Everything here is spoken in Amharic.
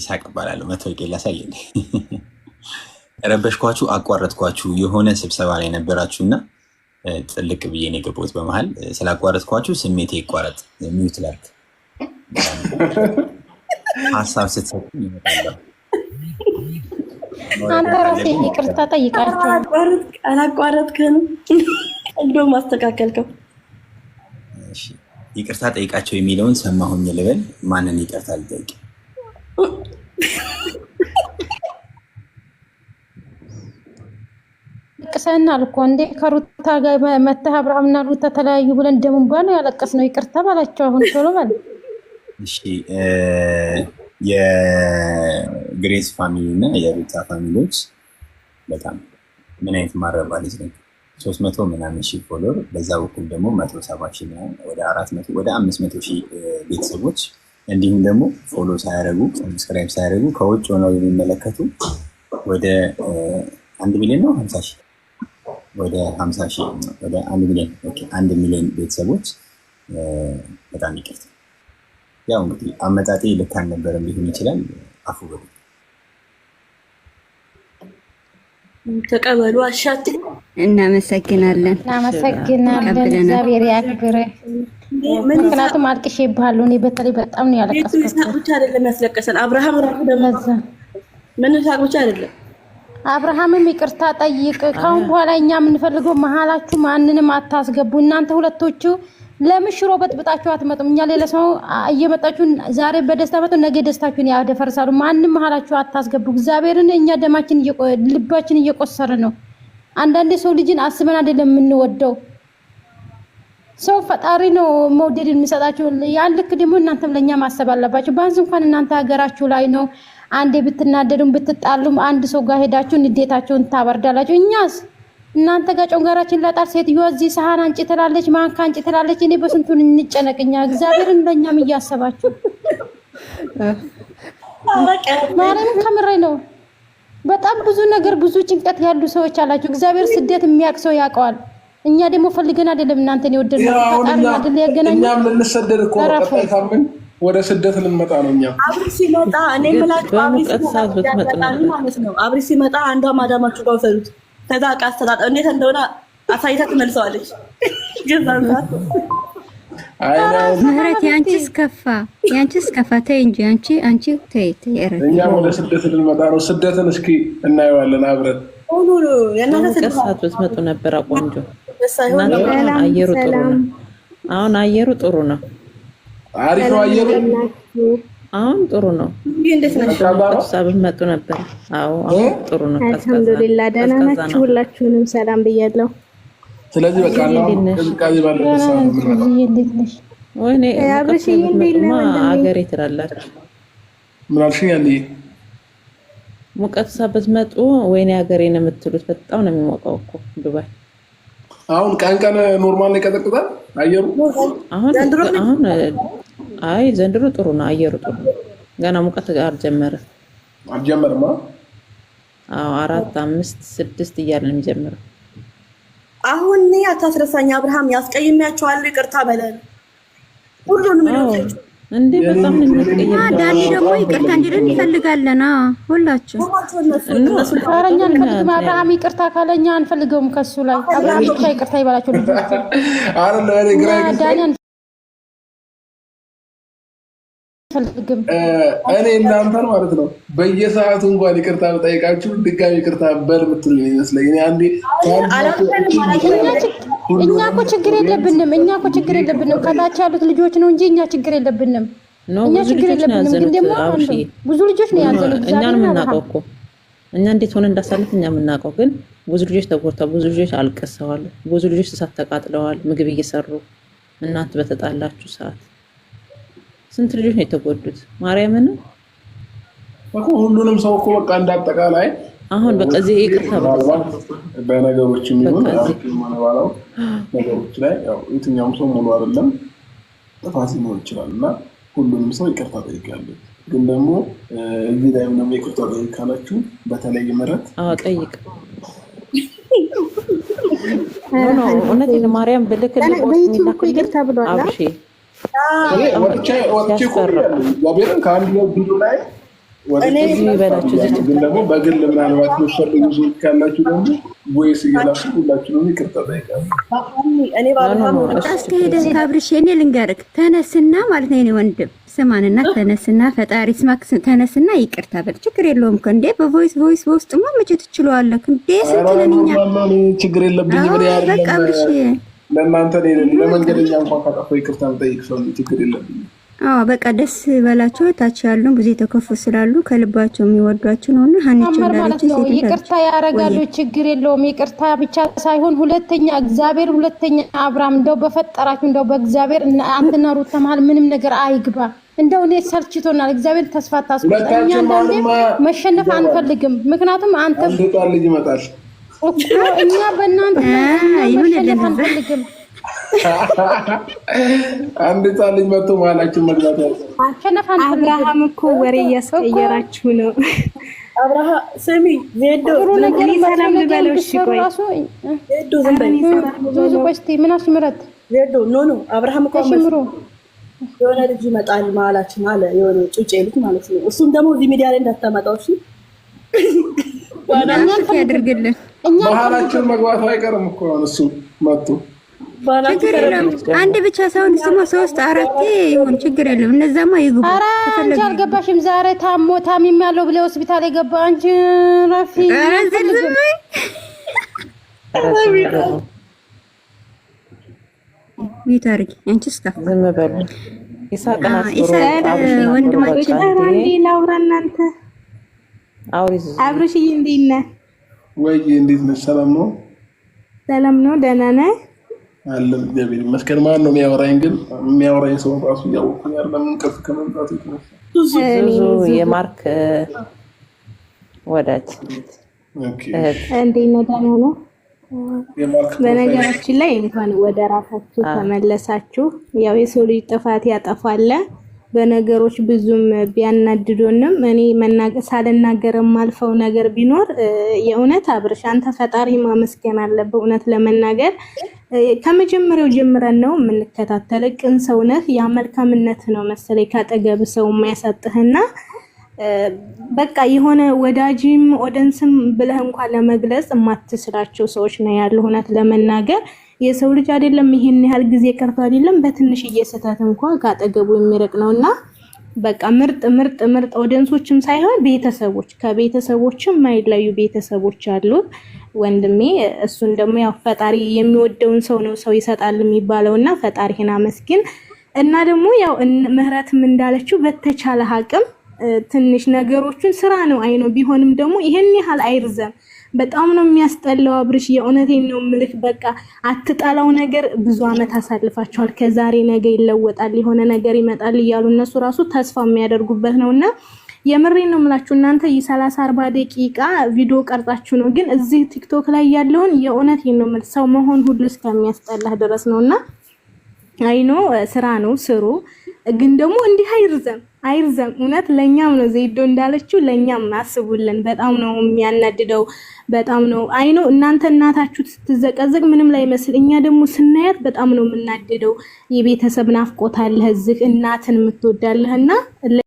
ይሳቅ እባላለሁ። መታወቂያ ላሳይ። ረበሽኳችሁ፣ አቋረጥኳችሁ። የሆነ ስብሰባ ላይ ነበራችሁ እና ጥልቅ ብዬ ነው የገባሁት። በመሀል ስላቋረጥኳችሁ ስሜቴ ይቋረጥ ሚዩት ላድርግ። ሀሳብ ስትሰጥ ይመጣለሁ። አንተ ራስህ ይቅርታ ጠይቃቸው። አላቋረጥከንም፣ እንደውም አስተካከልከው። ይቅርታ ጠይቃቸው የሚለውን ሰማሁኝ ልበል። ማንን ይቅርታ ልጠይቅ? ለቅሰናል እኮ እንዴ ከሩታ ጋር መተህ አብርሃምና ሩታ ተለያዩ ብለን እንደምንባ ነው ያለቀስ ነው። ይቅርታ ባላቸው አሁን ቶሎ በል እሺ። የግሬስ ፋሚሊ እና የሩታ ፋሚሊዎች በጣም ምን አይነት ማረባ ልጅ ነው። ሶስት መቶ ምናምን ሺ ፎሎር በዛ በኩል ደግሞ መቶ ሰባ ሺ ወደ አራት መቶ ወደ አምስት መቶ ሺህ ቤተሰቦች እንዲሁም ደግሞ ፎሎ ሳያደረጉ ሰብስክራይብ ሳያደረጉ ከውጭ ሆነው የሚመለከቱ ወደ አንድ ሚሊዮን ነው ሀምሳ ሺህ ወደ ሀምሳ ሺህ ወደ አንድ ሚሊዮን አንድ ሚሊዮን ቤተሰቦች በጣም ይቅርታ። ያው እንግዲህ አመጣጤ ልክ አልነበረም ሊሆን ይችላል። አፉ በሉ ተቀበሉ አሻትል እናመሰግናለን እናመሰግናለን። እግዚአብሔር ያክብር። ምክንያቱም አልቅሽ ይባሉ እኔ በተለይ በጣም ነው ያለቀስኩት። ብቻ አይደለም ያስለቀሰን አብርሃም ራሱ ብቻ አይደለም አብርሃምም ይቅርታ ጠይቅ። ካሁን በኋላ እኛ የምንፈልገው መሀላችሁ ማንንም አታስገቡ። እናንተ ሁለቶቹ ለምን ሽሮ በጥብጣችሁ አትመጡም? እኛ ሌላ ሰው እየመጣችሁ ዛሬ በደስታ መጡ፣ ነገ ደስታችሁን ያደፈርሳሉ። ማንም መሀላችሁ አታስገቡ። እግዚአብሔርን እኛ ደማችን ልባችን እየቆሰረ ነው አንዳንድ ሰው ልጅን አስበን አይደለም የምንወደው። ሰው ፈጣሪ ነው መውደድ የሚሰጣችሁ። ያን ልክ ደግሞ እናንተም ለእኛ ማሰብ አለባችሁ። ባንስ እንኳን እናንተ ሀገራችሁ ላይ ነው። አንዴ ብትናደዱም ብትጣሉም አንድ ሰው ጋር ሄዳችሁ ንዴታችሁን ታበርዳላችሁ። እኛስ እናንተ ጋር ጮንጋራችን ላጣር ሴትዮዋ እዚህ ሰሃን አንጭ ትላለች፣ ማንካ አንጭ ትላለች። እኔ በስንቱን እንጨነቅኛ። እግዚአብሔርን ለእኛም እያሰባችሁ ማርያም ከምሬ ነው በጣም ብዙ ነገር ብዙ ጭንቀት ያሉ ሰዎች አላችሁ። እግዚአብሔር ስደት የሚያውቅ ሰው ያውቀዋል። እኛ ደግሞ ፈልገን አይደለም እናንተን የወደድ እኛም ልንሰደድ እኮ ሳምን ወደ ስደት ልንመጣ ነው። እኛ አብሪ ሲመጣ እኔ ምላቸው ማለት ነው። አብሪ ሲመጣ አንዷ ማዳማችሁ ጋር ወሰዱት። ከዛ ዕቃ አስተጣጣ እንዴት እንደሆነ አሳይታ ትመልሰዋለች ገዛ ምህረት የአንቺስ ከፋ፣ የአንቺስ ከፋ። ተይ እንጂ አንቺ አንቺ ተይ ተይ። እኛም ወደ ስደት ልንመጣ ነው። ስደትን እስኪ እናየዋለን አብረን። ቀሳት ብትመጡ ነበረ ቆንጆ። አየሩ ጥሩ ነው። አሁን አየሩ ጥሩ ነው። አሪፍ ነው አየሩ አሁን ጥሩ ነው። ቀዝቃዛ ብትመጡ ነበረ። አዎ አሁን ጥሩ ነው። አልሐምዱሊላህ ደህና ናችሁ። ሁላችሁንም ሰላም ብያለሁ። ስለዚህ በቃ ቅዝቃዜ ባለበት አገሬ ትላላችሁ ምን አልሽኝ? ያኔ ሙቀቱ ሳበት መጡ ወይኔ ሀገሬ ነው የምትሉት። በጣም ነው የሚሞቀው እኮ ዱባይ። አሁን ቀን ቀን ኖርማል ነው ይቀጠቅጣል አየሩ። አሁን አይ ዘንድሮ ጥሩ ነው አየሩ ጥሩ ነው። ገና ሙቀት አልጀመረም አልጀመርም። አዎ አራት አምስት ስድስት እያለ ነው የሚጀምረው አሁን አታስረሳኝ አብርሃም፣ ያስቀይሚያቸዋል ይቅርታ በለን ሁሉንም እንዴ በጣም ነው የሚቀየረው። ዳኒ ደግሞ ይቅርታ እንዲልን እንፈልጋለን። ሁላችሁ ታረኛ እንፈልግም። አብርሃም ይቅርታ ካለኛ አንፈልገውም። ከሱ ላይ አብርሃም ይቅርታ ይበላቸው ልጆች። አረ ለኔ ግራ አልፈልግም። እኔ እናንተን ማለት ነው በየሰዓቱ እንኳን ይቅርታ በጠይቃችሁ ድጋሚ ይቅርታ በል ምትሉ ይመስለኝ። እኛ ኮ ችግር የለብንም፣ እኛ ኮ ችግር የለብንም። ከታች ያሉት ልጆች ነው እንጂ እኛ ችግር የለብንም። እኛ ችግር የለብንም። ብዙ ልጆች ነው ያዘኑት። እኛን የምናውቀው እኮ እኛ እንዴት ሆነ እንዳሳለፍ እኛ የምናውቀው ግን ብዙ ልጆች ተጎድተዋል፣ ብዙ ልጆች አልቅሰዋል፣ ብዙ ልጆች እሳት ተቃጥለዋል ምግብ እየሰሩ እናንተ በተጣላችሁ ሰዓት ስንት ልጆች ነው የተጎዱት? ማርያምን እኮ ሁሉንም ሰው እኮ በቃ እንዳጠቃላይ አሁን በቃ እዚህ ይቅርታ በነገሮች የሚሆን ነገሮች ላይ የትኛውም ሰው ሙሉ አይደለም፣ ጥፋት ሊኖር ይችላል እና ሁሉንም ሰው ይቅርታ ጠይቃለሁ። ግን ደግሞ እዚህ ላይም ደግሞ ይቅርታ ጠይቅ ካላችሁ በተለይ ምረት ጠይቅ እውነት ማርያም ብልክ ይቅርታ ብሏል። እግዚአብሔርን ከአንድ ብዙ አስከሄደን ካብርሽ እኔ ልንገርህ ተነስና ማለት ነው። እኔ ወንድም ስማንና ተነስና ፈጣሪ ስማክ ተነስና ይቅርታ በል። ችግር የለውም እኮ እንዴ በቮይስ ቮይስ በውስጥ መቼ ትችለዋለህ እንዴ? ስንት ነን እኛ ችግር የለብኝ ብሬ ለእናንተ ለመንገደኛ እንኳን ካጠፋ ይቅርታ ጠይቅ ሰው ችግር የለብኝ። አዎ በቃ ደስ በላቸው። ታች ያሉ ብዙ የተከፉ ስላሉ ከልባቸው የሚወዷቸው ነው እና ሀኒች ይቅርታ ያደርጋሉ። ችግር የለውም። ይቅርታ ብቻ ሳይሆን ሁለተኛ እግዚአብሔር ሁለተኛ አብርሃም እንደው በፈጠራችሁ እንደው በእግዚአብሔር አንተና ሩት መሀል ምንም ነገር አይግባ። እንደው እኔ ሰልችቶናል። እግዚአብሔር ተስፋ ታስቆጣ። እኛ አንዳንዴ መሸነፍ አንፈልግም። ምክንያቱም አንተ ልጅ ይመጣል እኛ በእናንተ አንድ ህፃን ልጅ መቶ መሀላችሁ መግባት ያልኩት አብርሃም እኮ ወሬ እያስቀየራችሁ ነው። ስሚ ሰላም ልበለው ምናሽ ምረት ዜዶ ኖ ኖ አብርሃም እኮ የሆነ ልጅ ይመጣል መሀላችን አለ የሆነ ጩጬ ልጅ ማለት ነው። እሱም ደግሞ እዚህ ሚዲያ ላይ እንዳታመጣው እሺ ያድርግልን። ባህላችሁን መግባቱ አይቀርም እኮ እሱ መጡ ችግር የለም። አንድ ብቻ ሳይሆን ስሞ ሶስት አራቴ ይሁን ችግር የለም። እነዛማ ይግቡ። ኧረ አንቺ አልገባሽም። ዛሬ ታሞ ታሚም ያለው ብለህ ሆስፒታል የገባ አንቺ ረፊ ይታርጊ አንቺ ስታፍ ዝም በሉ። ይሳቅ ወንድማችን አንዴ ላውራ እናንተ አብርሽዬ እንዴት ነህ? እንዴት ሰላም ነው? ሰላም ነው። ደህና ነህ? እግዚአብሔር ይመስገን። ማን ነው የሚያወራኝ? ግን የሚያወራኝ ሰው ከመምጣት የማርክ ወዳጅ እንዴት ደህና ነው? በነገራችን ላይ እንኳን ወደ ራሳችሁ ተመለሳችሁ። ያው የሰው ልጅ ጥፋት ያጠፋለ። በነገሮች ብዙም ቢያናድዶንም እኔ ሳልናገር የማልፈው ነገር ቢኖር የእውነት አብርሽ አንተ ፈጣሪ ማመስገን አለ። እውነት ለመናገር ከመጀመሪያው ጀምረን ነው የምንከታተል። ቅን ሰውነት ያ መልካምነት ነው መሰለኝ ካጠገብ ሰው የማያሳጥህና በቃ የሆነ ወዳጅም ኦደንስም ብለህ እንኳን ለመግለጽ የማትስላቸው ሰዎች ነው ያለ እውነት ለመናገር የሰው ልጅ አይደለም ይሄን ያህል ጊዜ ቀርቶ አይደለም በትንሽ እየስተት እንኳ ካጠገቡ የሚርቅ ነውና በቃ ምርጥ ምርጥ ምርጥ ኦዲየንሶችም ሳይሆን ቤተሰቦች ከቤተሰቦችም ማይለዩ ቤተሰቦች አሉ ወንድሜ እሱን ደግሞ ያው ፈጣሪ የሚወደውን ሰው ነው ሰው ይሰጣል የሚባለው እና ፈጣሪህን አመስግን እና ደግሞ ያው ምህረትም እንዳለችው በተቻለ አቅም ትንሽ ነገሮችን ስራ ነው አይ ነው ቢሆንም ደግሞ ይሄን ያህል አይርዘም። በጣም ነው የሚያስጠላው። አብርሽ የእውነቴን ነው ምልክ። በቃ አትጠላው ነገር ብዙ አመት አሳልፋችኋል። ከዛሬ ነገ ይለወጣል፣ የሆነ ነገር ይመጣል እያሉ እነሱ ራሱ ተስፋ የሚያደርጉበት ነው እና የምሬን ነው የምላችሁ እናንተ የሰላሳ አርባ ደቂቃ ቪዲዮ ቀርጻችሁ ነው፣ ግን እዚህ ቲክቶክ ላይ ያለውን የእውነቴን ነው የምልህ ሰው መሆን ሁሉ እስከሚያስጠላህ ድረስ ነው እና አይኖ ስራ ነው ስሩ ግን ደግሞ እንዲህ አይርዘም አይርዘም። እውነት ለእኛም ነው ዘይዶ እንዳለችው ለእኛም አስቡልን። በጣም ነው የሚያናድደው። በጣም ነው አይ ነው እናንተ እናታችሁ ስትዘቀዘቅ ምንም ላይ መስል፣ እኛ ደግሞ ስናያት በጣም ነው የምናድደው። የቤተሰብ ናፍቆት አለህ እዚህ እናትን የምትወዳለህና